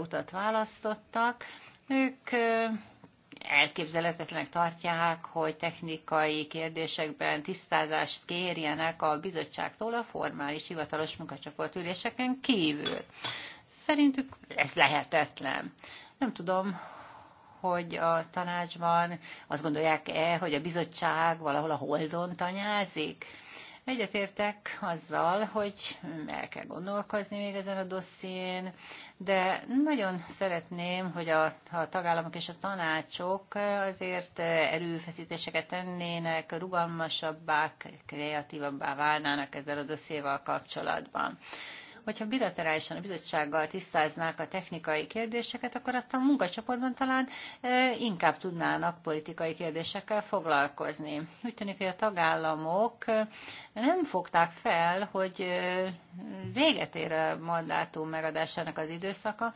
utat választottak. Ők elképzelhetetlenek tartják, hogy technikai kérdésekben tisztázást kérjenek a bizottságtól a formális hivatalos üléseken kívül. Szerintük ez lehetetlen. Nem tudom, hogy a tanácsban azt gondolják-e, hogy a bizottság valahol a holdon tanyázik. Egyetértek azzal, hogy el kell gondolkozni még ezen a dosszién, de nagyon szeretném, hogy a, a tagállamok és a tanácsok azért erőfeszítéseket tennének, rugalmasabbá, kreatívabbá válnának ezzel a dossziéval kapcsolatban. Hogyha bilaterálisan a bizottsággal tisztáznák a technikai kérdéseket, akkor a munkacsoportban talán inkább tudnának politikai kérdésekkel foglalkozni. Úgy tűnik, hogy a tagállamok nem fogták fel, hogy véget ér a mandátum megadásának az időszaka,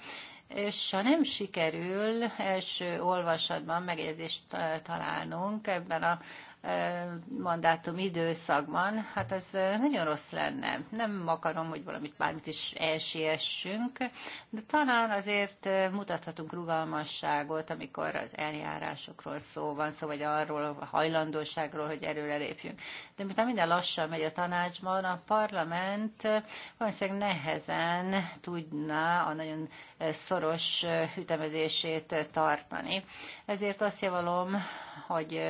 és ha nem sikerül első olvasatban megjegyzést találnunk ebben a mandátum időszakban, hát ez nagyon rossz lenne. Nem akarom, hogy valamit bármit is elsiessünk, de talán azért mutathatunk rugalmasságot, amikor az eljárásokról szó van, szó vagy arról a hajlandóságról, hogy erőre lépjünk. De miután minden lassan megy a tanácsban, a parlament valószínűleg nehezen tudná a nagyon szoros ütemezését tartani. Ezért azt javalom, hogy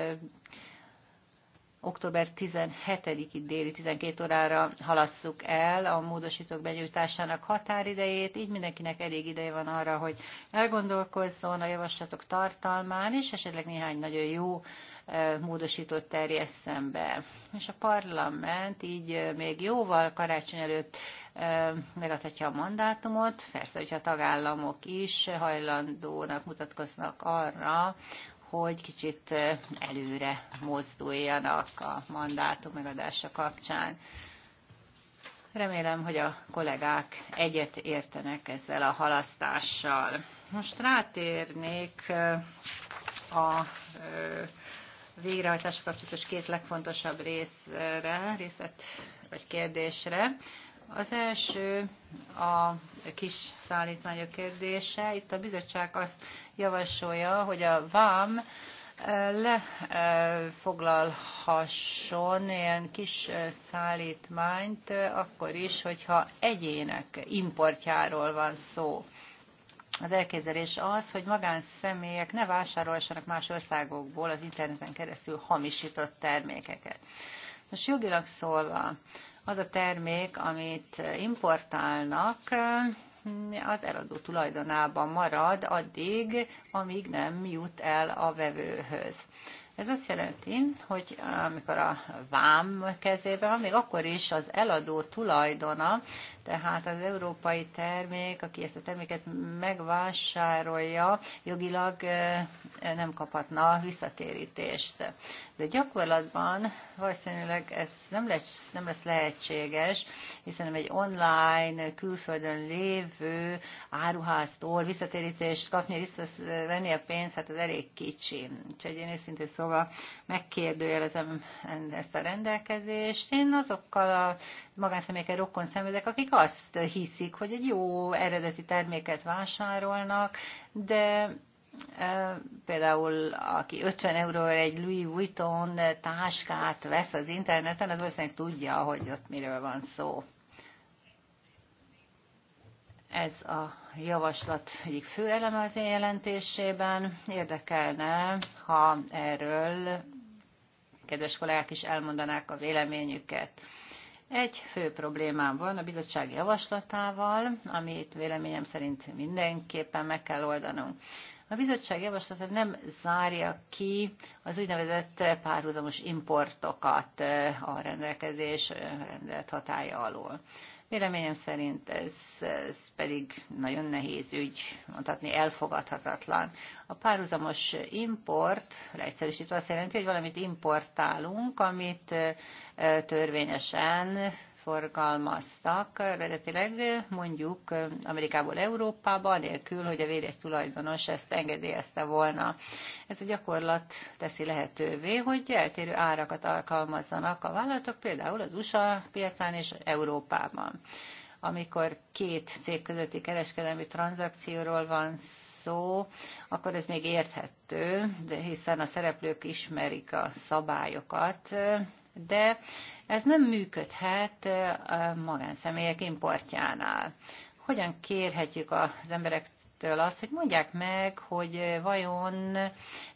október 17-i déli 12 órára halasszuk el a módosítók benyújtásának határidejét, így mindenkinek elég ideje van arra, hogy elgondolkozzon a javaslatok tartalmán, és esetleg néhány nagyon jó e, módosított terjesszen be. És a parlament így e, még jóval karácsony előtt e, megadhatja a mandátumot, persze, hogyha a tagállamok is hajlandónak mutatkoznak arra, hogy kicsit előre mozduljanak a mandátum megadása kapcsán. Remélem, hogy a kollégák egyet értenek ezzel a halasztással. Most rátérnék a végrehajtás kapcsolatos két legfontosabb részre, részlet vagy kérdésre. Az első a kis a kérdése. Itt a bizottság azt javasolja, hogy a VAM eh, lefoglalhasson eh, ilyen kis eh, szállítmányt akkor is, hogyha egyének importjáról van szó. Az elképzelés az, hogy magánszemélyek ne vásárolhassanak más országokból az interneten keresztül hamisított termékeket. Most jogilag szólva, az a termék, amit importálnak, az eladó tulajdonában marad addig, amíg nem jut el a vevőhöz. Ez azt jelenti, hogy amikor a vám kezében van, még akkor is az eladó tulajdona, tehát az európai termék, aki ezt a terméket megvásárolja, jogilag nem kaphatna visszatérítést. De gyakorlatban valószínűleg ez nem lesz, nem lesz lehetséges, hiszen egy online, külföldön lévő áruháztól visszatérítést kapni, visszavenni a pénzt, hát az elég kicsi. Úgyhogy én őszintén szóval megkérdőjelezem ezt a rendelkezést. Én azokkal a magánszemélyekkel rokon szenvedek, akik azt hiszik, hogy egy jó eredeti terméket vásárolnak, de például aki 50 euróért egy Louis Vuitton táskát vesz az interneten, az valószínűleg tudja, hogy ott miről van szó. Ez a javaslat egyik fő eleme az én jelentésében. Érdekelne, ha erről kedves kollégák is elmondanák a véleményüket. Egy fő problémám van a bizottság javaslatával, amit véleményem szerint mindenképpen meg kell oldanunk. A bizottság javaslata nem zárja ki az úgynevezett párhuzamos importokat eh, a rendelkezés eh, rendelt hatája alól. Véleményem szerint ez, ez pedig nagyon nehéz ügy, mondhatni elfogadhatatlan. A párhuzamos import, leegyszerűsítve azt jelenti, hogy valamit importálunk, amit eh, törvényesen forgalmaztak eredetileg mondjuk Amerikából Európába, nélkül, hogy a véres tulajdonos ezt engedélyezte volna. Ez a gyakorlat teszi lehetővé, hogy eltérő árakat alkalmazzanak a vállalatok, például az USA piacán és Európában. Amikor két cég közötti kereskedelmi tranzakcióról van szó, akkor ez még érthető, de hiszen a szereplők ismerik a szabályokat, de ez nem működhet a magánszemélyek importjánál. Hogyan kérhetjük az emberek azt, hogy mondják meg, hogy vajon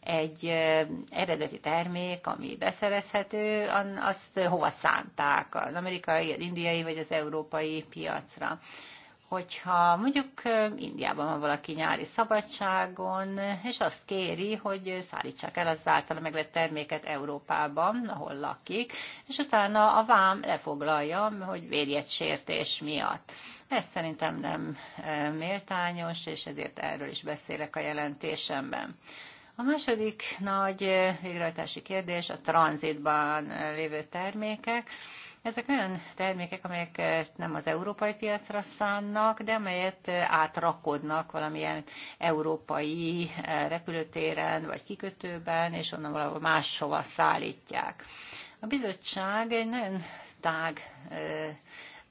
egy eredeti termék, ami beszerezhető, azt hova szánták, az amerikai, az indiai vagy az európai piacra hogyha mondjuk Indiában van valaki nyári szabadságon, és azt kéri, hogy szállítsák el az általa megvett terméket Európában, ahol lakik, és utána a vám lefoglalja, hogy sértés miatt. Ez szerintem nem méltányos, és ezért erről is beszélek a jelentésemben. A második nagy végrehajtási kérdés a tranzitban lévő termékek. Ezek olyan termékek, amelyek eh, nem az európai piacra szánnak, de amelyet eh, átrakodnak valamilyen európai eh, repülőtéren vagy kikötőben, és onnan valahol máshova szállítják. A bizottság egy nagyon tág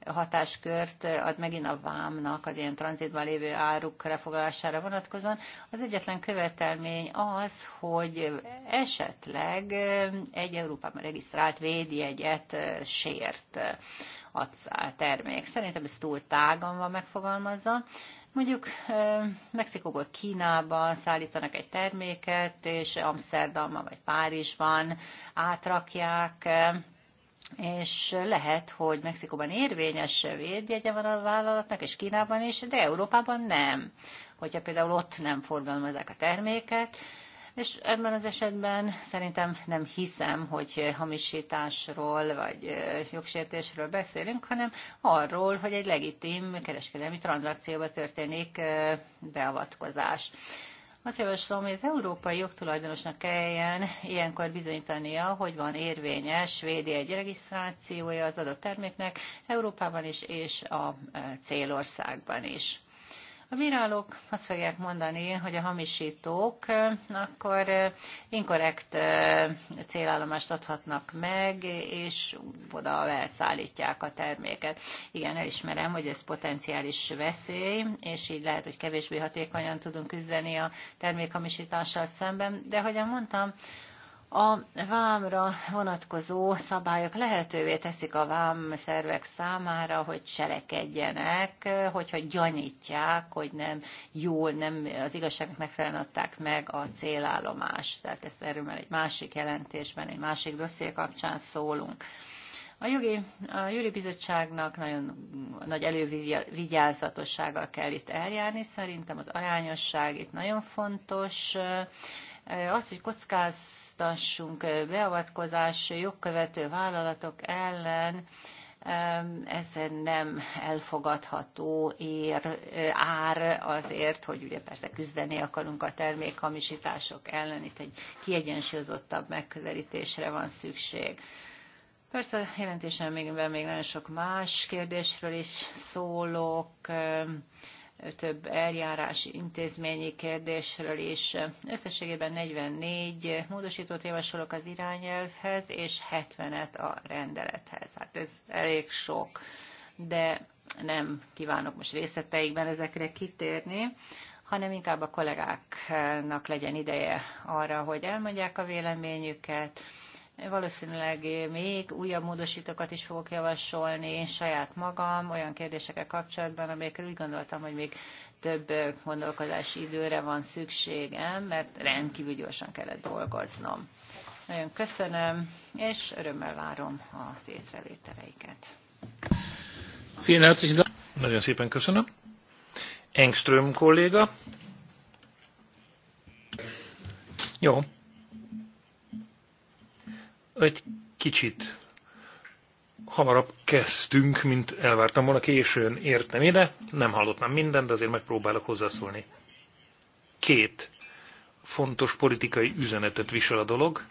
hatáskört ad megint a vámnak az ilyen tranzitban lévő áruk lefogalására vonatkozóan. Az egyetlen követelmény az, hogy esetleg egy Európában regisztrált védjegyet sért a termék. Szerintem ez túl tágan van megfogalmazva. Mondjuk Mexikóból Kínába szállítanak egy terméket, és Amsterdamban vagy Párizsban átrakják, és lehet, hogy Mexikóban érvényes védjegye van a vállalatnak, és Kínában is, de Európában nem. Hogyha például ott nem forgalmazzák a terméket, és ebben az esetben szerintem nem hiszem, hogy hamisításról vagy jogsértésről beszélünk, hanem arról, hogy egy legitim kereskedelmi tranzakcióba történik beavatkozás. Azt javaslom, hogy az európai jogtulajdonosnak kelljen ilyenkor bizonyítania, hogy van érvényes egy regisztrációja az adott terméknek Európában is és a e, célországban is. A bírálók azt fogják mondani, hogy a hamisítók akkor inkorrekt célállomást adhatnak meg, és oda elszállítják a terméket. Igen, elismerem, hogy ez potenciális veszély, és így lehet, hogy kevésbé hatékonyan tudunk küzdeni a termékhamisítással szemben, de hogyan mondtam, a vámra vonatkozó szabályok lehetővé teszik a vám szervek számára, hogy cselekedjenek, hogyha gyanítják, hogy nem jól, nem az igazságnak megfelelően adták meg a célállomást. Tehát ezt erről már egy másik jelentésben, egy másik dosszé kapcsán szólunk. A jogi, a jüri bizottságnak nagyon nagy elővigyázatossággal kell itt eljárni, szerintem az arányosság itt nagyon fontos. Az, hogy kockáz folytassunk beavatkozás jogkövető vállalatok ellen, ez nem elfogadható ér, ár azért, hogy ugye persze küzdeni akarunk a termékhamisítások ellen, itt egy kiegyensúlyozottabb megközelítésre van szükség. Persze a jelentésemben még, még nagyon sok más kérdésről is szólok, több eljárás intézményi kérdésről is. Összességében 44 módosítót javasolok az irányelvhez, és 70-et a rendelethez. Hát ez elég sok, de nem kívánok most részleteikben ezekre kitérni hanem inkább a kollégáknak legyen ideje arra, hogy elmondják a véleményüket, Valószínűleg még újabb módosítókat is fogok javasolni én saját magam olyan kérdésekkel kapcsolatban, amelyekről úgy gondoltam, hogy még több gondolkodási időre van szükségem, mert rendkívül gyorsan kellett dolgoznom. Nagyon köszönöm, és örömmel várom az észrevételeiket. Nagyon szépen köszönöm. Engström kolléga. Jó egy kicsit hamarabb kezdtünk, mint elvártam volna, későn értem ide, nem hallottam mindent, de azért megpróbálok hozzászólni. Két fontos politikai üzenetet visel a dolog.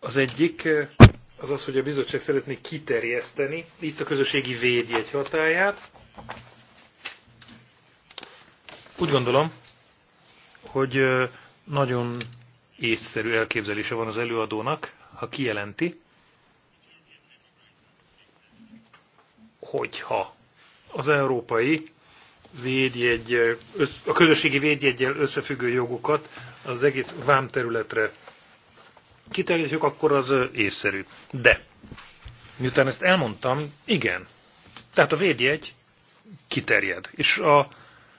Az egyik eh, az az, hogy a bizottság szeretné kiterjeszteni itt a közösségi védjegy hatáját. Úgy gondolom, hogy eh, nagyon észszerű elképzelése van az előadónak, ha kijelenti, hogyha az európai védjegy, a közösségi védjegyel összefüggő jogokat az egész vámterületre kiterjesztjük, akkor az észszerű. De, miután ezt elmondtam, igen. Tehát a védjegy kiterjed, és a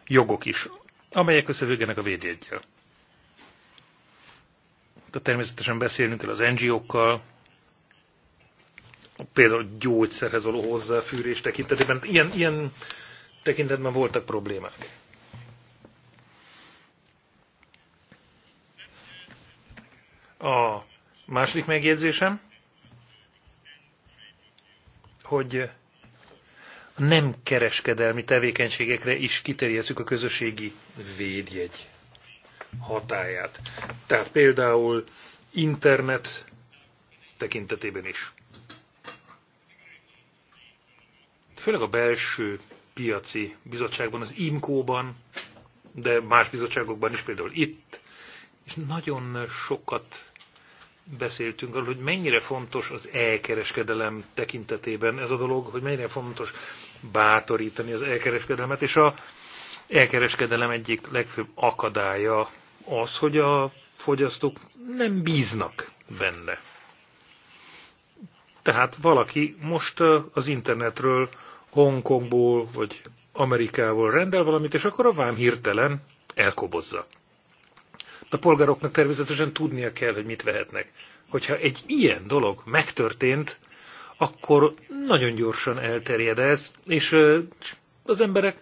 jogok is, amelyek összefüggenek a védjegyel de természetesen beszélnünk kell az NGO-kkal, például gyógyszerhez való hozzáfűrés tekintetében. Hát ilyen, ilyen tekintetben voltak problémák. A második megjegyzésem, hogy nem kereskedelmi tevékenységekre is kiterjesztjük a közösségi védjegy hatáját. Tehát például internet tekintetében is. Főleg a belső piaci bizottságban, az IMCO-ban, de más bizottságokban is, például itt, és nagyon sokat beszéltünk arról, hogy mennyire fontos az elkereskedelem tekintetében ez a dolog, hogy mennyire fontos bátorítani az elkereskedelmet, és a elkereskedelem egyik legfőbb akadálya az, hogy a fogyasztók nem bíznak benne. Tehát valaki most az internetről, Hongkongból vagy Amerikából rendel valamit, és akkor a vám hirtelen elkobozza. De a polgároknak természetesen tudnia kell, hogy mit vehetnek. Hogyha egy ilyen dolog megtörtént, akkor nagyon gyorsan elterjed ez, és az emberek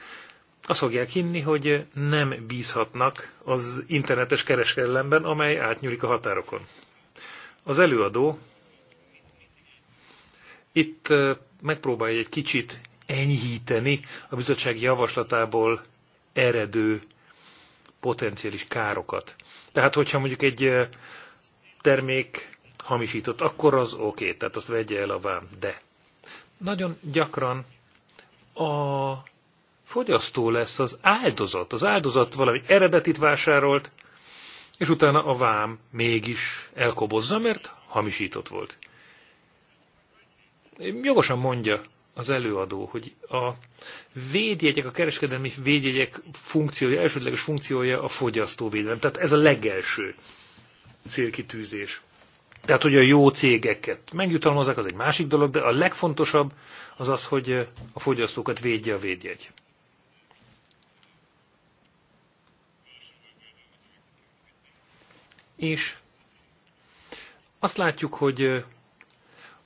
azt fogják hinni, hogy nem bízhatnak az internetes kereskedelemben, amely átnyúlik a határokon. Az előadó itt megpróbálja egy kicsit enyhíteni a bizottság javaslatából eredő potenciális károkat. Tehát, hogyha mondjuk egy termék hamisított, akkor az oké, okay, tehát azt vegye el a vám. De nagyon gyakran a fogyasztó lesz az áldozat. Az áldozat valami eredetit vásárolt, és utána a vám mégis elkobozza, mert hamisított volt. Jogosan mondja az előadó, hogy a védjegyek, a kereskedelmi védjegyek funkciója, elsődleges funkciója a fogyasztóvédelem. Tehát ez a legelső célkitűzés. Tehát, hogy a jó cégeket megjutalmazzák, az egy másik dolog, de a legfontosabb az az, hogy a fogyasztókat védje a védjegy. És azt látjuk, hogy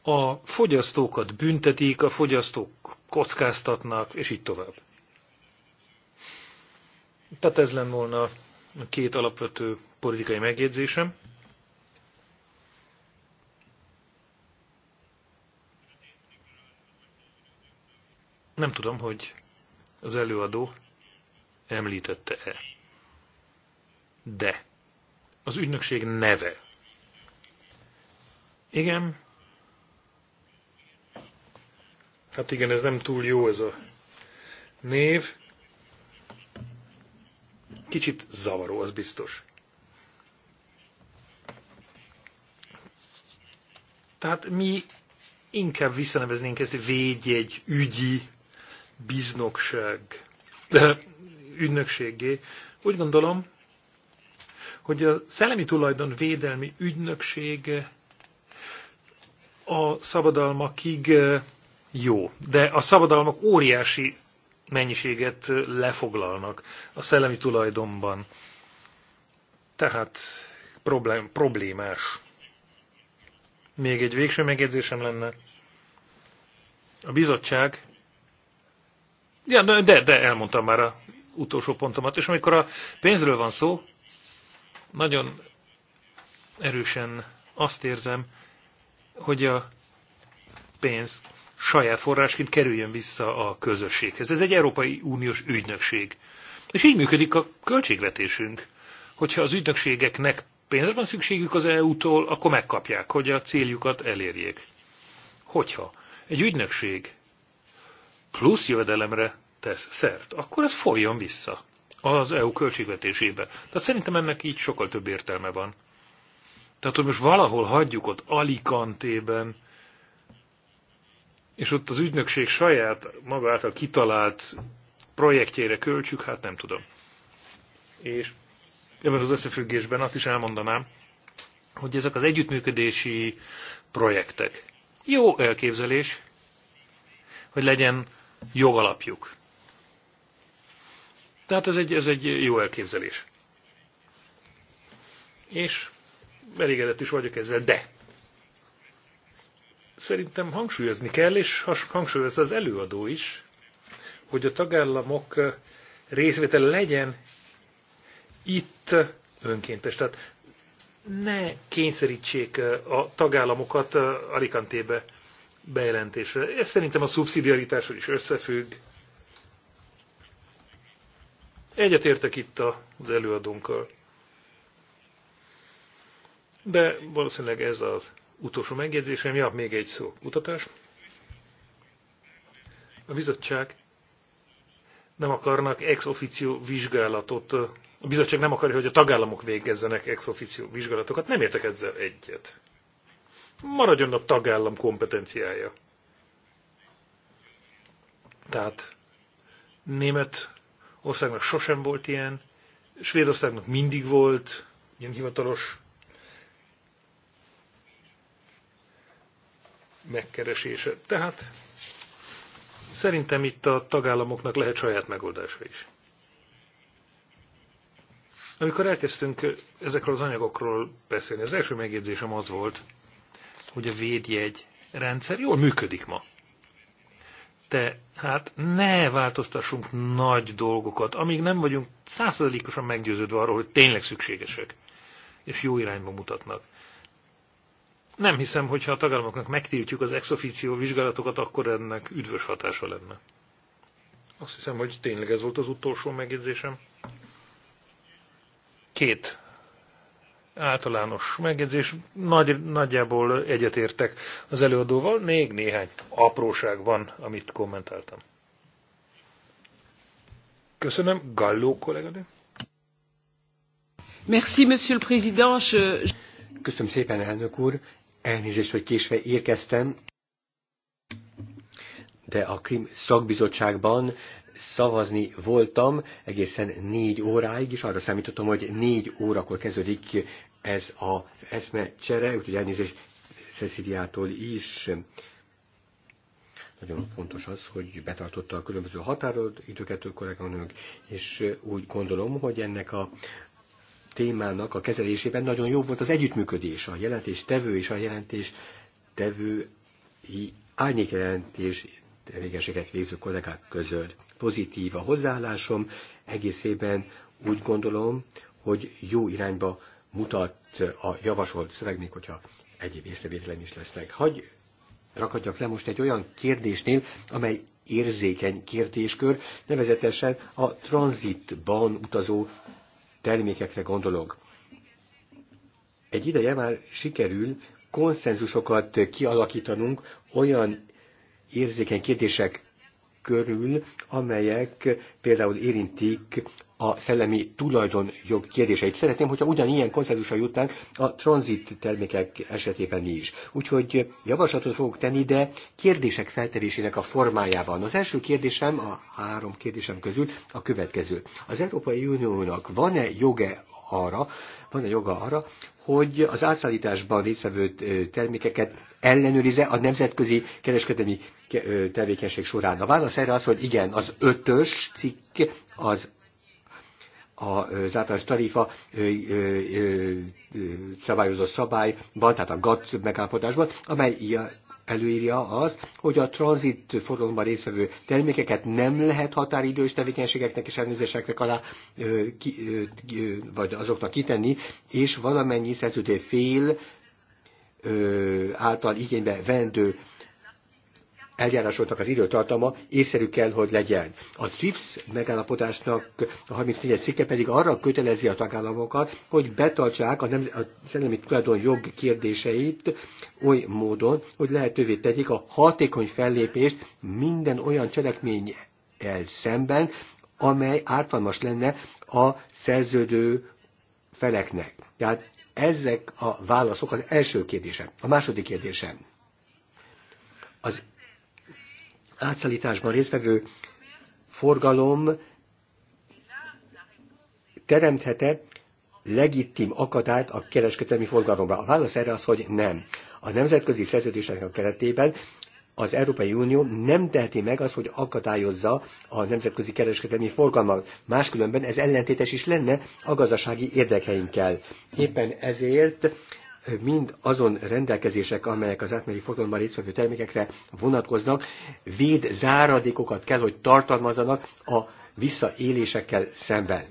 a fogyasztókat büntetik, a fogyasztók kockáztatnak, és így tovább. Tehát ez lenne volna a két alapvető politikai megjegyzésem. Nem tudom, hogy az előadó említette-e. De az ügynökség neve. Igen. Hát igen, ez nem túl jó ez a név. Kicsit zavaró, az biztos. Tehát mi inkább visszaneveznénk ezt védjegy, ügyi, biznokság, ügynökségé. Úgy gondolom, hogy a szellemi tulajdon védelmi ügynökség a szabadalmakig eh, jó, de a szabadalmak óriási mennyiséget eh, lefoglalnak a szellemi tulajdonban. Tehát problém, problémás. Még egy végső megjegyzésem lenne. A bizottság... Ja, de, de elmondtam már a utolsó pontomat, és amikor a pénzről van szó, nagyon erősen azt érzem, hogy a pénz saját forrásként kerüljön vissza a közösséghez. Ez egy Európai Uniós ügynökség. És így működik a költségvetésünk. Hogyha az ügynökségeknek pénzre van szükségük az EU-tól, akkor megkapják, hogy a céljukat elérjék. Hogyha egy ügynökség plusz jövedelemre tesz szert, akkor ez folyjon vissza az EU költségvetésébe. Tehát szerintem ennek így sokkal több értelme van. Tehát, hogy most valahol hagyjuk ott Alicantében, és ott az ügynökség saját maga által kitalált projektjére költsük, hát nem tudom. És ebben az összefüggésben azt is elmondanám, hogy ezek az együttműködési projektek. Jó elképzelés, hogy legyen jogalapjuk. Tehát ez egy, ez egy jó elképzelés. És elégedett is vagyok ezzel, de szerintem hangsúlyozni kell, és hangsúlyozza az előadó is, hogy a tagállamok részvétele legyen itt önkéntes. Tehát ne kényszerítsék a tagállamokat Alicantébe bejelentésre. Ez szerintem a szubszidiaritással is összefügg, Egyetértek itt az előadónkkal. De valószínűleg ez az utolsó megjegyzésem. Ja, még egy szó. Utatás. A bizottság nem akarnak ex officio vizsgálatot. A bizottság nem akarja, hogy a tagállamok végezzenek ex officio vizsgálatokat. Nem értek ezzel egyet. Maradjon a tagállam kompetenciája. Tehát német országnak sosem volt ilyen, Svédországnak mindig volt ilyen hivatalos megkeresése. Tehát szerintem itt a tagállamoknak lehet saját megoldása is. Amikor elkezdtünk ezekről az anyagokról beszélni, az első megjegyzésem az volt, hogy a védjegy rendszer jól működik ma hát ne változtassunk nagy dolgokat, amíg nem vagyunk százszerzalékosan meggyőződve arról, hogy tényleg szükségesek, és jó irányba mutatnak. Nem hiszem, hogy ha a tagállamoknak megtiltjuk az ex officio vizsgálatokat, akkor ennek üdvös hatása lenne. Azt hiszem, hogy tényleg ez volt az utolsó megjegyzésem. Két általános megjegyzés. Nagy, nagyjából egyetértek az előadóval, még néhány apróság van, amit kommentáltam. Köszönöm, Galló kolléganő. Merci, monsieur le président. Je... Köszönöm szépen, elnök úr. Elnézést, hogy késve érkeztem, de a Krim szakbizottságban szavazni voltam egészen négy óráig, és arra számítottam, hogy négy órakor kezdődik ez az eszme csere, úgyhogy elnézést Ceciliától is. Nagyon fontos az, hogy betartotta a különböző határod, időket kolléganők, és úgy gondolom, hogy ennek a témának a kezelésében nagyon jó volt az együttműködés, a jelentés tevő és a jelentés tevő árnyékjelentés tevékenységet végző kollégák között. Pozitív a hozzáállásom, egészében úgy gondolom, hogy jó irányba mutat a javasolt szöveg, még hogyha egyéb észrevételeim is lesznek. Hagy rakadjak le most egy olyan kérdésnél, amely érzékeny kérdéskör, nevezetesen a tranzitban utazó termékekre gondolok. Egy ideje már sikerül konszenzusokat kialakítanunk olyan érzékeny kérdések körül, amelyek például érintik a szellemi tulajdonjog kérdéseit. Szeretném, hogyha ugyanilyen konszenzusra jutnánk a tranzit termékek esetében is. Úgyhogy javaslatot fogok tenni, de kérdések feltevésének a formájában. Az első kérdésem, a három kérdésem közül a következő. Az Európai Uniónak van-e joge arra, van a joga arra, hogy az átszállításban résztvevő termékeket ellenőrize a nemzetközi kereskedelmi tevékenység során. A válasz erre az, hogy igen, az ötös cikk az az általános tarifa ö, ö, ö, szabályozó szabályban, tehát a GATT megállapodásban, amely előírja az, hogy a tranzit forgalomban résztvevő termékeket nem lehet határidős tevékenységeknek és elnézéseknek alá ö, ki, ö, vagy azoknak kitenni, és valamennyi szerződő fél ö, által igénybe vendő eljárásoknak az időtartama észszerű kell, hogy legyen. A TRIPS megállapodásnak a 34. cikke pedig arra kötelezi a tagállamokat, hogy betartsák a, nem, a szellemi tulajdon jog kérdéseit oly módon, hogy lehetővé tegyék a hatékony fellépést minden olyan cselekmény el szemben, amely ártalmas lenne a szerződő feleknek. Tehát ezek a válaszok az első kérdése. A második kérdésem. Az átszállításban résztvevő forgalom teremthete legitim akadályt a kereskedelmi forgalomra? A válasz erre az, hogy nem. A nemzetközi a keretében az Európai Unió nem teheti meg az, hogy akadályozza a nemzetközi kereskedelmi forgalmat. Máskülönben ez ellentétes is lenne a gazdasági érdekeinkkel. Éppen ezért mind azon rendelkezések, amelyek az átmeri fotonban résztvevő termékekre vonatkoznak, véd záradékokat kell, hogy tartalmazzanak a visszaélésekkel szemben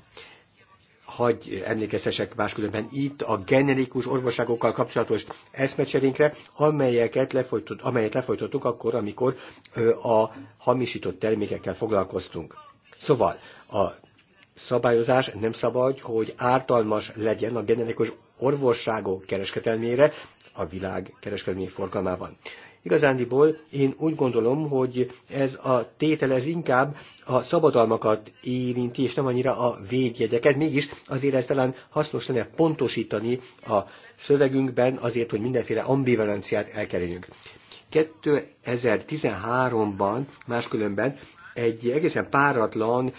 hagy emlékeztesek máskülönben itt a generikus orvosságokkal kapcsolatos eszmecserénkre, amelyeket lefolytott, amelyet lefolytottuk akkor, amikor a hamisított termékekkel foglalkoztunk. Szóval a szabályozás nem szabad, hogy ártalmas legyen a generikus orvosságok kereskedelmére a világ kereskedelmi forgalmában. Igazándiból én úgy gondolom, hogy ez a tétel ez inkább a szabadalmakat érinti, és nem annyira a védjegyeket. Mégis azért ez talán hasznos lenne pontosítani a szövegünkben azért, hogy mindenféle ambivalenciát elkerüljünk. 2013-ban máskülönben egy egészen páratlan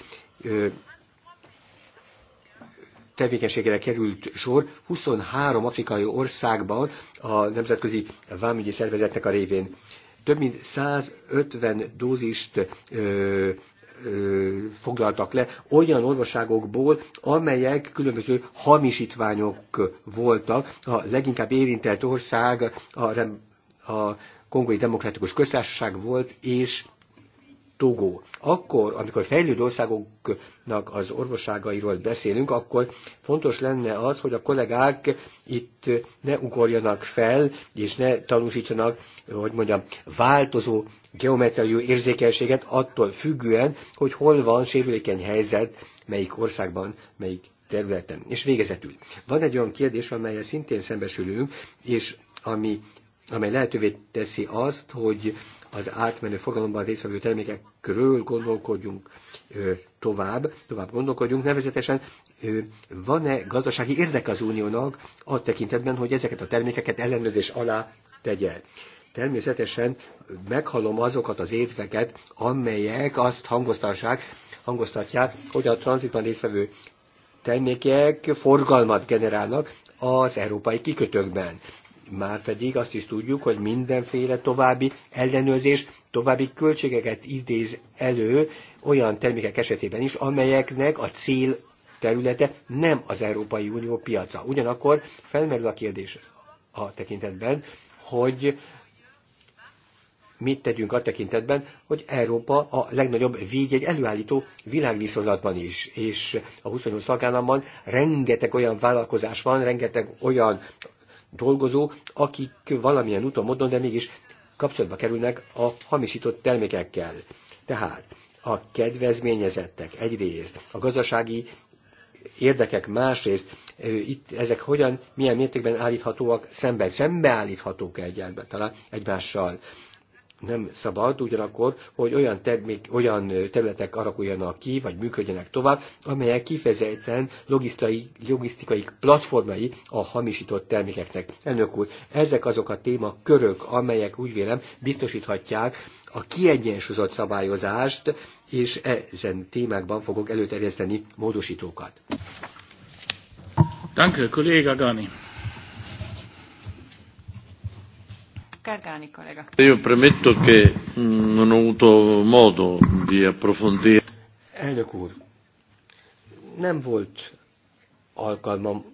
tevékenységére került sor 23 afrikai országban a nemzetközi vámügyi szervezetnek a révén. Több mint 150 dózist ö, ö, foglaltak le olyan orvosságokból, amelyek különböző hamisítványok voltak. A leginkább érintett ország a, a Kongói Demokratikus Köztársaság volt, és Togó. Akkor, amikor fejlődő országoknak az orvosságairól beszélünk, akkor fontos lenne az, hogy a kollégák itt ne ugorjanak fel, és ne tanúsítsanak, hogy mondjam, változó geometriai érzékenységet attól függően, hogy hol van sérülékeny helyzet, melyik országban, melyik területen. És végezetül. Van egy olyan kérdés, amelyel szintén szembesülünk, és ami amely lehetővé teszi azt, hogy az átmenő forgalomban résztvevő termékekről gondolkodjunk tovább, tovább gondolkodjunk, nevezetesen van-e gazdasági érdek az uniónak a tekintetben, hogy ezeket a termékeket ellenőrzés alá tegye. Természetesen meghalom azokat az érveket, amelyek azt hangoztassák, hangoztatják, hogy a tranzitban résztvevő termékek forgalmat generálnak az európai kikötőkben. Márpedig azt is tudjuk, hogy mindenféle további ellenőrzés további költségeket idéz elő olyan termékek esetében is, amelyeknek a cél területe nem az Európai Unió piaca. Ugyanakkor felmerül a kérdés a tekintetben, hogy mit tegyünk a tekintetben, hogy Európa a legnagyobb egy előállító világviszonylatban is, és a 28 szakállamban rengeteg olyan vállalkozás van, rengeteg olyan dolgozó, akik valamilyen úton, módon, de mégis kapcsolatba kerülnek a hamisított termékekkel. Tehát a kedvezményezettek egyrészt, a gazdasági érdekek másrészt, itt ezek hogyan, milyen mértékben állíthatóak szemben, szembeállíthatók egyáltalán egymással nem szabad ugyanakkor, hogy olyan, termék, olyan területek alakuljanak ki, vagy működjenek tovább, amelyek kifejezetten logisztikai, logisztikai platformai a hamisított termékeknek. Elnök úr, ezek azok a témakörök, amelyek úgy vélem biztosíthatják a kiegyensúlyozott szabályozást, és ezen témákban fogok előterjeszteni módosítókat. Danke, kolléga Gani. Io premetto che mm, non ho avuto modo di approfondire. Elnök úr, nem volt alkalmam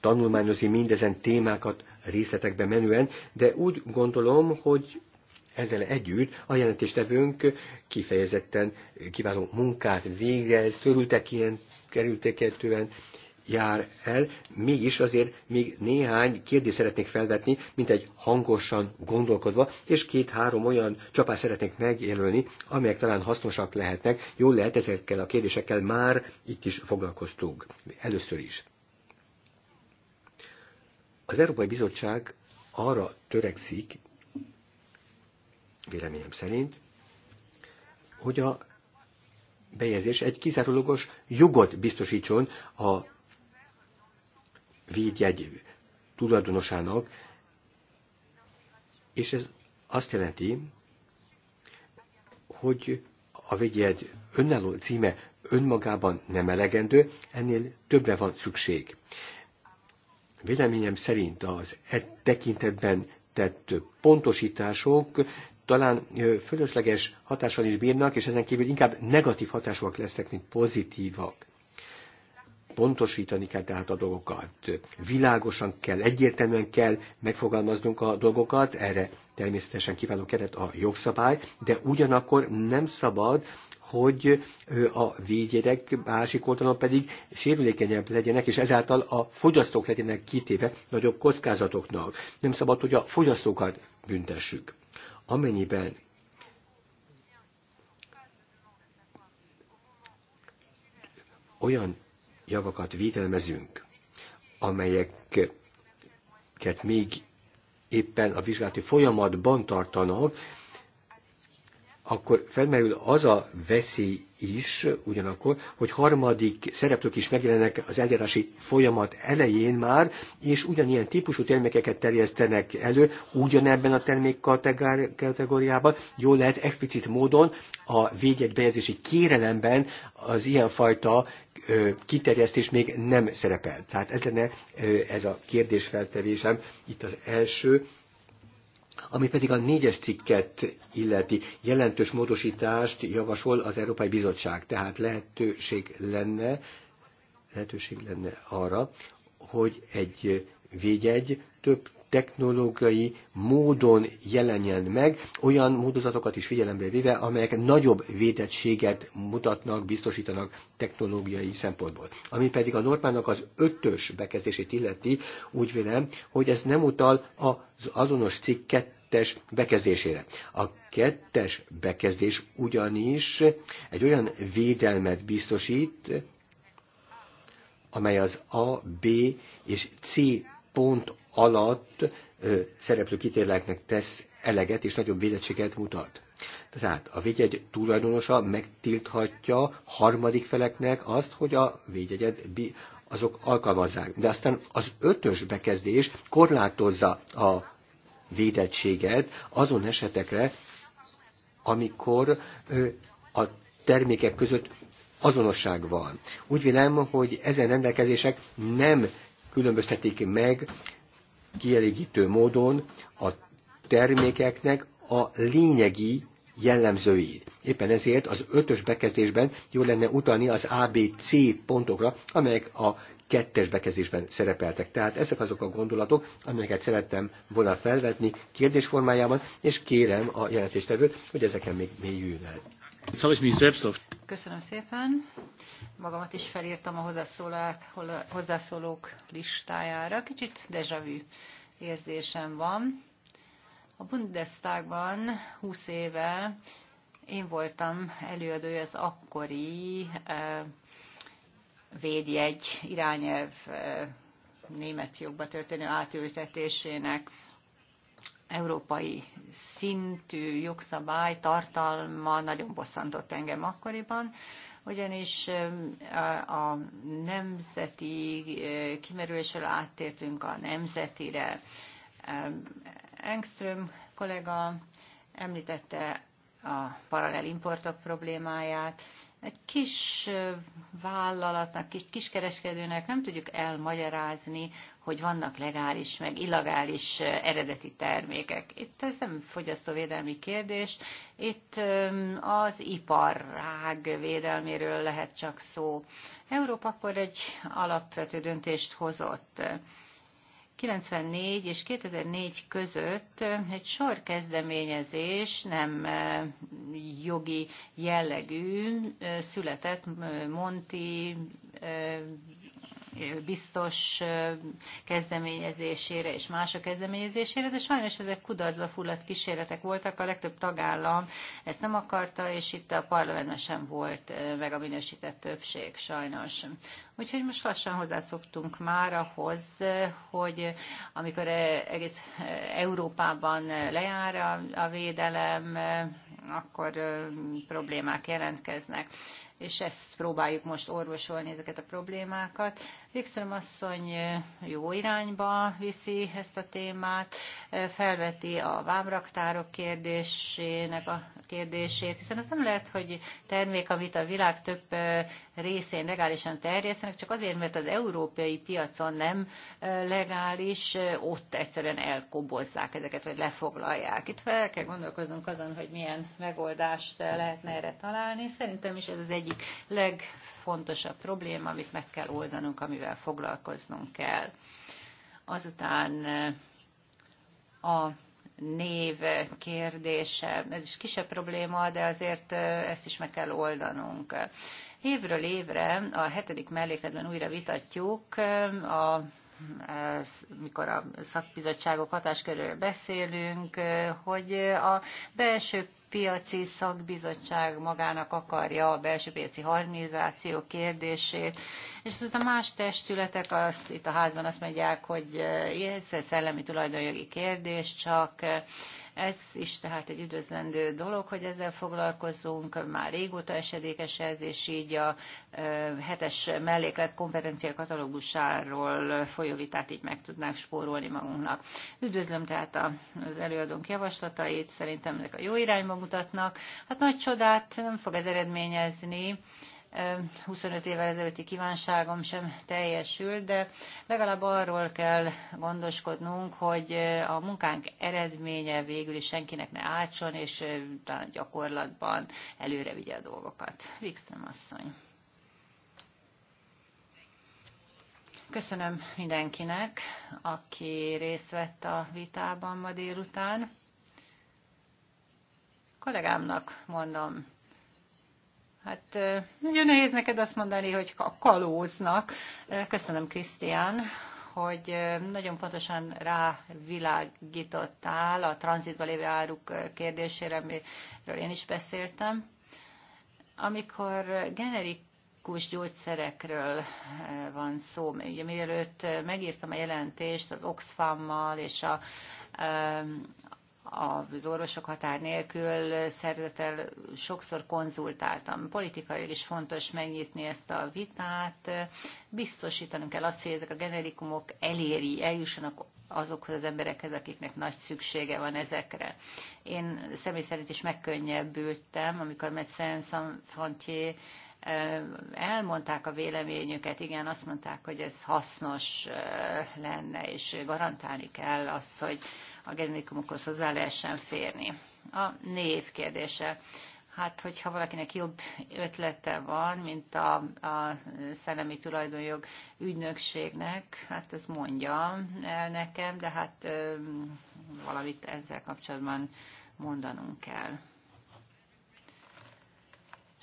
tanulmányozni mindezen témákat részletekbe menően, de úgy gondolom, hogy ezzel együtt a jelentéstevőnk kifejezetten kiváló munkát végez, törültekintően jár el, mégis azért még néhány kérdést szeretnék felvetni, mint egy hangosan gondolkodva, és két-három olyan csapást szeretnék megjelölni, amelyek talán hasznosak lehetnek. Jól lehet, ezekkel a kérdésekkel már itt is foglalkoztunk. Először is. Az Európai Bizottság arra törekszik, véleményem szerint, hogy a bejegyzés egy kizárólagos jogot biztosítson a védjegy tulajdonosának, és ez azt jelenti, hogy a védjegy önálló címe önmagában nem elegendő, ennél többre van szükség. Véleményem szerint az e tekintetben tett pontosítások talán fölösleges hatással is bírnak, és ezen kívül inkább negatív hatásúak lesznek, mint pozitívak pontosítani kell tehát a dolgokat. Világosan kell, egyértelműen kell megfogalmaznunk a dolgokat, erre természetesen kiváló keret a jogszabály, de ugyanakkor nem szabad, hogy a védjegyek másik oldalon pedig sérülékenyebb legyenek, és ezáltal a fogyasztók legyenek kitéve nagyobb kockázatoknak. Nem szabad, hogy a fogyasztókat büntessük. Amennyiben olyan javakat védelmezünk, amelyeket még éppen a vizsgálati folyamatban tartanak, akkor felmerül az a veszély is ugyanakkor, hogy harmadik szereplők is megjelennek az eljárási folyamat elején már, és ugyanilyen típusú termékeket terjesztenek elő, ugyanebben a termék kategóriában, jól lehet explicit módon a bejegyzési kérelemben az ilyenfajta kiterjesztés még nem szerepel. Tehát ez lenne ez a kérdésfeltevésem, itt az első ami pedig a négyes cikket illeti jelentős módosítást javasol az Európai Bizottság, tehát lehetőség lenne, lehetőség lenne arra, hogy egy végegy több technológiai módon jelenjen meg, olyan módozatokat is figyelembe véve, amelyek nagyobb védettséget mutatnak, biztosítanak technológiai szempontból. Ami pedig a normának az ötös bekezdését illeti, úgy vélem, hogy ez nem utal az azonos cikk kettes bekezdésére. A kettes bekezdés ugyanis egy olyan védelmet biztosít, amely az A, B és C pont alatt ö, szereplő kitérleknek tesz eleget és nagyobb védettséget mutat. Tehát a védjegy tulajdonosa megtilthatja harmadik feleknek azt, hogy a védjegyet azok alkalmazzák. De aztán az ötös bekezdés korlátozza a védettséget azon esetekre, amikor a termékek között azonosság van. Úgy vélem, hogy ezen rendelkezések nem különböztetik meg kielégítő módon a termékeknek a lényegi jellemzőit. Éppen ezért az ötös bekezdésben jó lenne utalni az ABC pontokra, amelyek a kettes bekezdésben szerepeltek. Tehát ezek azok a gondolatok, amelyeket szerettem volna felvetni kérdés formájában, és kérem a jelentéstevőt, hogy ezeken még mélyüljön el. Szóval, Köszönöm szépen. Magamat is felírtam a hozzászólók listájára. Kicsit déjà vu érzésem van. A Bundestagban 20 éve én voltam előadója az akkori eh, védjegy irányelv német jogba történő átültetésének európai szintű jogszabály tartalma nagyon bosszantott engem akkoriban, ugyanis a nemzeti kimerülésről áttértünk a nemzetire. Engström kollega említette a paralel importok problémáját, egy kis vállalatnak, kis kiskereskedőnek nem tudjuk elmagyarázni, hogy vannak legális, meg illegális eredeti termékek. Itt ez nem fogyasztóvédelmi kérdés, itt az iparág védelméről lehet csak szó. Európa akkor egy alapvető döntést hozott. 94 és 2004 között egy sor kezdeményezés nem jogi jellegű, született Monti biztos kezdeményezésére és mások kezdeményezésére, de sajnos ezek kudarcba fulladt kísérletek voltak, a legtöbb tagállam ezt nem akarta, és itt a parlamentben sem volt meg a minősített többség, sajnos. Úgyhogy most lassan hozzászoktunk már ahhoz, hogy amikor egész Európában lejár a, a védelem, akkor problémák jelentkeznek és ezt próbáljuk most orvosolni, ezeket a problémákat. Wikström asszony jó irányba viszi ezt a témát, felveti a vámraktárok kérdésének a kérdését, hiszen az nem lehet, hogy termék, amit a világ több részén legálisan terjesztenek, csak azért, mert az európai piacon nem legális, ott egyszerűen elkobozzák ezeket, vagy lefoglalják. Itt fel kell gondolkoznunk azon, hogy milyen megoldást lehetne erre találni. Szerintem is ez az egyik leg legfontosabb probléma, amit meg kell oldanunk, amivel foglalkoznunk kell. Azután eh, a név kérdése, ez is kisebb probléma, de azért eh, ezt is meg kell oldanunk. Évről évre a hetedik mellékletben újra vitatjuk eh, a mikor a szakbizottságok hatásköréről beszélünk, hogy a belső piaci szakbizottság magának akarja a belső piaci harmonizáció kérdését, és a más testületek az, itt a házban azt mondják, hogy eh, ez szellemi tulajdonjogi kérdés, csak eh, ez is tehát egy üdvözlendő dolog, hogy ezzel foglalkozunk, már régóta esedékes ez, és így a eh, hetes melléklet kompetencia katalógusáról folyó vitát így meg tudnánk spórolni magunknak. Üdvözlöm tehát az előadónk javaslatait, szerintem ezek a jó irányba mutatnak. Hát nagy csodát nem fog ez eredményezni, 25 évvel ezelőtti kívánságom sem teljesült, de legalább arról kell gondoskodnunk, hogy a munkánk eredménye végül is senkinek ne átson, és talán gyakorlatban előre vigye a dolgokat. Wikström asszony. Köszönöm mindenkinek, aki részt vett a vitában ma délután. Kollégámnak mondom, Hát nagyon nehéz neked azt mondani, hogy kalóznak. Köszönöm, Krisztián, hogy nagyon pontosan rávilágítottál a tranzitba lévő áruk kérdésére, amiről én is beszéltem. Amikor generik generikus gyógyszerekről van szó. Ugye, mielőtt megírtam a jelentést az Oxfammal és a, az orvosok határ nélkül szervezettel sokszor konzultáltam. Politikailag is fontos megnyitni ezt a vitát. Biztosítanunk kell azt, hogy ezek a generikumok eléri, eljussanak azokhoz az emberekhez, akiknek nagy szüksége van ezekre. Én személy szerint is megkönnyebbültem, amikor Medecins Sans elmondták a véleményüket, igen, azt mondták, hogy ez hasznos lenne, és garantálni kell azt, hogy a generikumokhoz hozzá lehessen férni. A név kérdése. Hát, hogyha valakinek jobb ötlete van, mint a, a szellemi tulajdonjog ügynökségnek, hát ez mondja el nekem, de hát ö, valamit ezzel kapcsolatban mondanunk kell.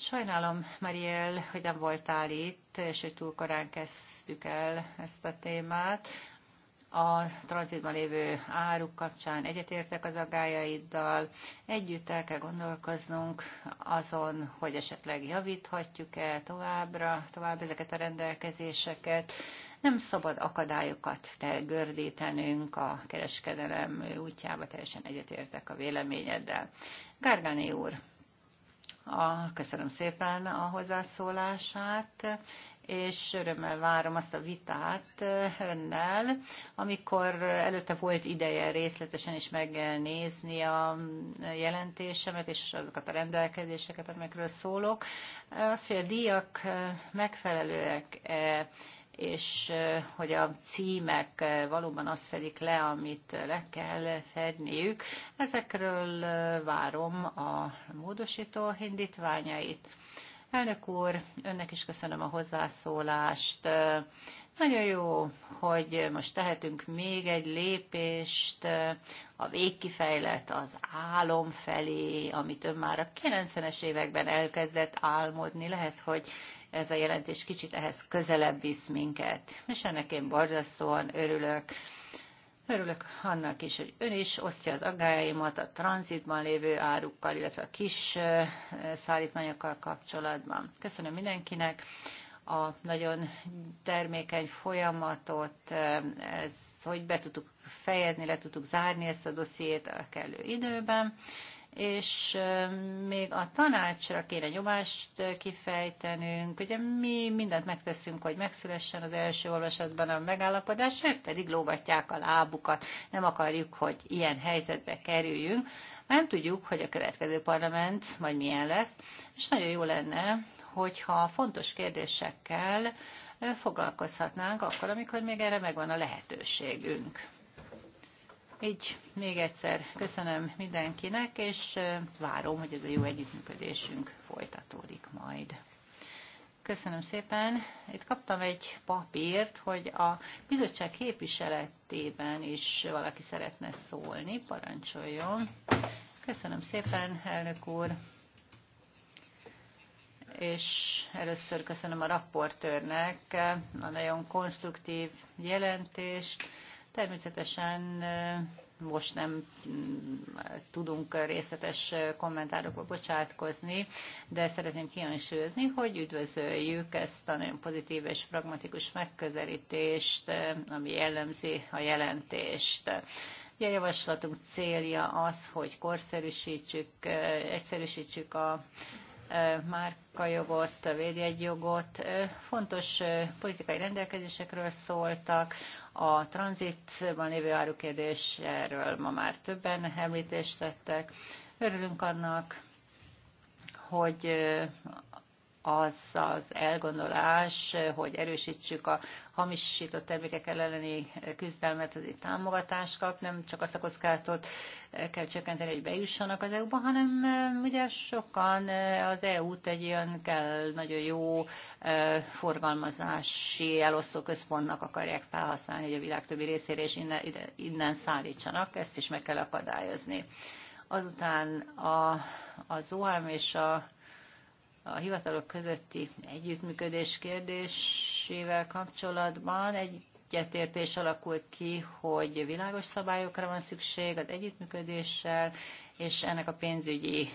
Sajnálom, Mariel, hogy nem voltál itt, és hogy túl korán kezdtük el ezt a témát. A tranzitban lévő áruk kapcsán egyetértek az agájaiddal, együtt el kell gondolkoznunk azon, hogy esetleg javíthatjuk-e továbbra, tovább ezeket a rendelkezéseket. Nem szabad akadályokat gördítenünk a kereskedelem útjába, teljesen egyetértek a véleményeddel. Gárgáni úr, a, köszönöm szépen a hozzászólását, és örömmel várom azt a vitát önnel, amikor előtte volt ideje részletesen is megnézni a jelentésemet és azokat a rendelkezéseket, amikről szólok. Az, hogy a díjak megfelelőek -e, és eh, hogy a címek eh, valóban azt fedik le, amit le kell fedniük. Ezekről eh, várom a módosító indítványait. Elnök úr, önnek is köszönöm a hozzászólást. Nagyon jó, hogy most tehetünk még egy lépést a végkifejlet az álom felé, amit ön már a 90-es években elkezdett álmodni. Lehet, hogy ez a jelentés kicsit ehhez közelebb visz minket, és ennek én borzasztóan örülök. Örülök annak is, hogy ön is osztja az aggájaimat a tranzitban lévő árukkal, illetve a kis szállítmányokkal kapcsolatban. Köszönöm mindenkinek a nagyon termékeny folyamatot, ez, hogy be tudtuk fejezni, le tudtuk zárni ezt a dossziét a kellő időben és még a tanácsra kéne nyomást kifejtenünk. Ugye mi mindent megteszünk, hogy megszülessen az első olvasatban a megállapodás, ők hát pedig lógatják a lábukat. Nem akarjuk, hogy ilyen helyzetbe kerüljünk. nem tudjuk, hogy a következő parlament majd milyen lesz, és nagyon jó lenne, hogyha fontos kérdésekkel foglalkozhatnánk akkor, amikor még erre megvan a lehetőségünk. Így még egyszer köszönöm mindenkinek, és várom, hogy ez a jó együttműködésünk folytatódik majd. Köszönöm szépen. Itt kaptam egy papírt, hogy a bizottság képviseletében is valaki szeretne szólni. Parancsoljon. Köszönöm szépen, elnök úr. És először köszönöm a raportőrnek, a nagyon konstruktív jelentést Természetesen most nem mm, tudunk részletes kommentárokba bocsátkozni, de szeretném kihangsúlyozni, hogy üdvözöljük ezt a nagyon pozitív és pragmatikus megközelítést, ami jellemzi a jelentést. a javaslatunk célja az, hogy korszerűsítsük, egyszerűsítsük a márkajogot, védjegyjogot. Fontos politikai rendelkezésekről szóltak, a tranzitban lévő árukérdés, erről ma már többen említést tettek. Örülünk annak, hogy az az elgondolás, hogy erősítsük a hamisított termékek elleni küzdelmet, hogy támogatást kap, nem csak azt a kockázatot kell csökkenteni, hogy bejussanak az EU-ba, hanem eh, ugye sokan eh, az EU-t egy ilyen kell nagyon jó eh, forgalmazási elosztó központnak akarják felhasználni, hogy a világ többi részére is innen, ide, innen szállítsanak, ezt is meg kell akadályozni. Azután a, az OM és a a hivatalok közötti együttműködés kérdésével kapcsolatban egy egyetértés alakult ki, hogy világos szabályokra van szükség az együttműködéssel, és ennek a pénzügyi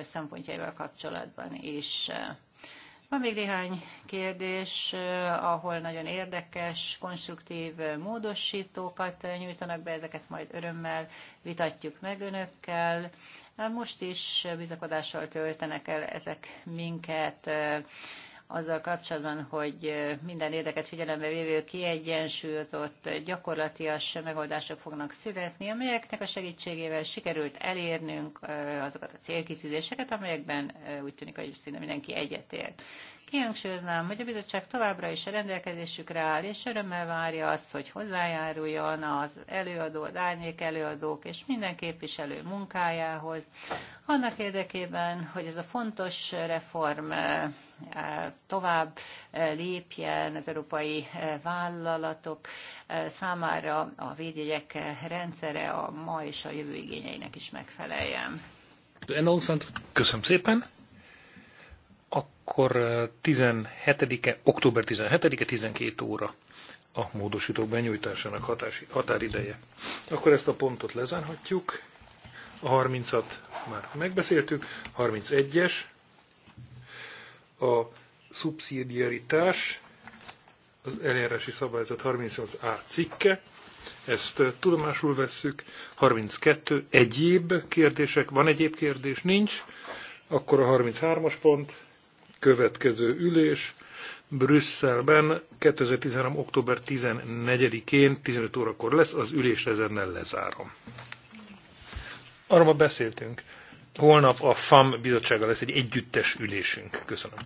szempontjaival kapcsolatban is. Van még néhány kérdés, ahol nagyon érdekes, konstruktív módosítókat nyújtanak be, ezeket majd örömmel vitatjuk meg önökkel. Most is bizakodással töltenek el ezek minket azzal kapcsolatban, hogy minden érdeket figyelembe vévő kiegyensúlyozott gyakorlatias megoldások fognak születni, amelyeknek a segítségével sikerült elérnünk azokat a célkitűzéseket, amelyekben úgy tűnik, hogy szinte mindenki egyetért. Kihangsúlyoznám, hogy a bizottság továbbra is a rendelkezésükre áll, és örömmel várja azt, hogy hozzájáruljon az előadó, az árnyék előadók és minden képviselő munkájához, annak érdekében, hogy ez a fontos reform eh, tovább eh, lépjen az európai eh, vállalatok számára a védjegyek rendszere a ma és a jövő igényeinek is megfeleljen. Köszönöm szépen! akkor 17-e, október 17-e 12 óra a módosítók benyújtásának hatási, határideje. Akkor ezt a pontot lezárhatjuk. A 30-at már megbeszéltük, 31-es, a szubszidiaritás, az eljárási szabályzat 38A cikke, ezt tudomásul vesszük, 32 egyéb kérdések, van egyéb kérdés, nincs, akkor a 33-as pont, következő ülés Brüsszelben 2013. október 14-én 15 órakor lesz, az ülés ezennel lezárom. Arról beszéltünk. Holnap a FAM bizottsága lesz egy együttes ülésünk. Köszönöm.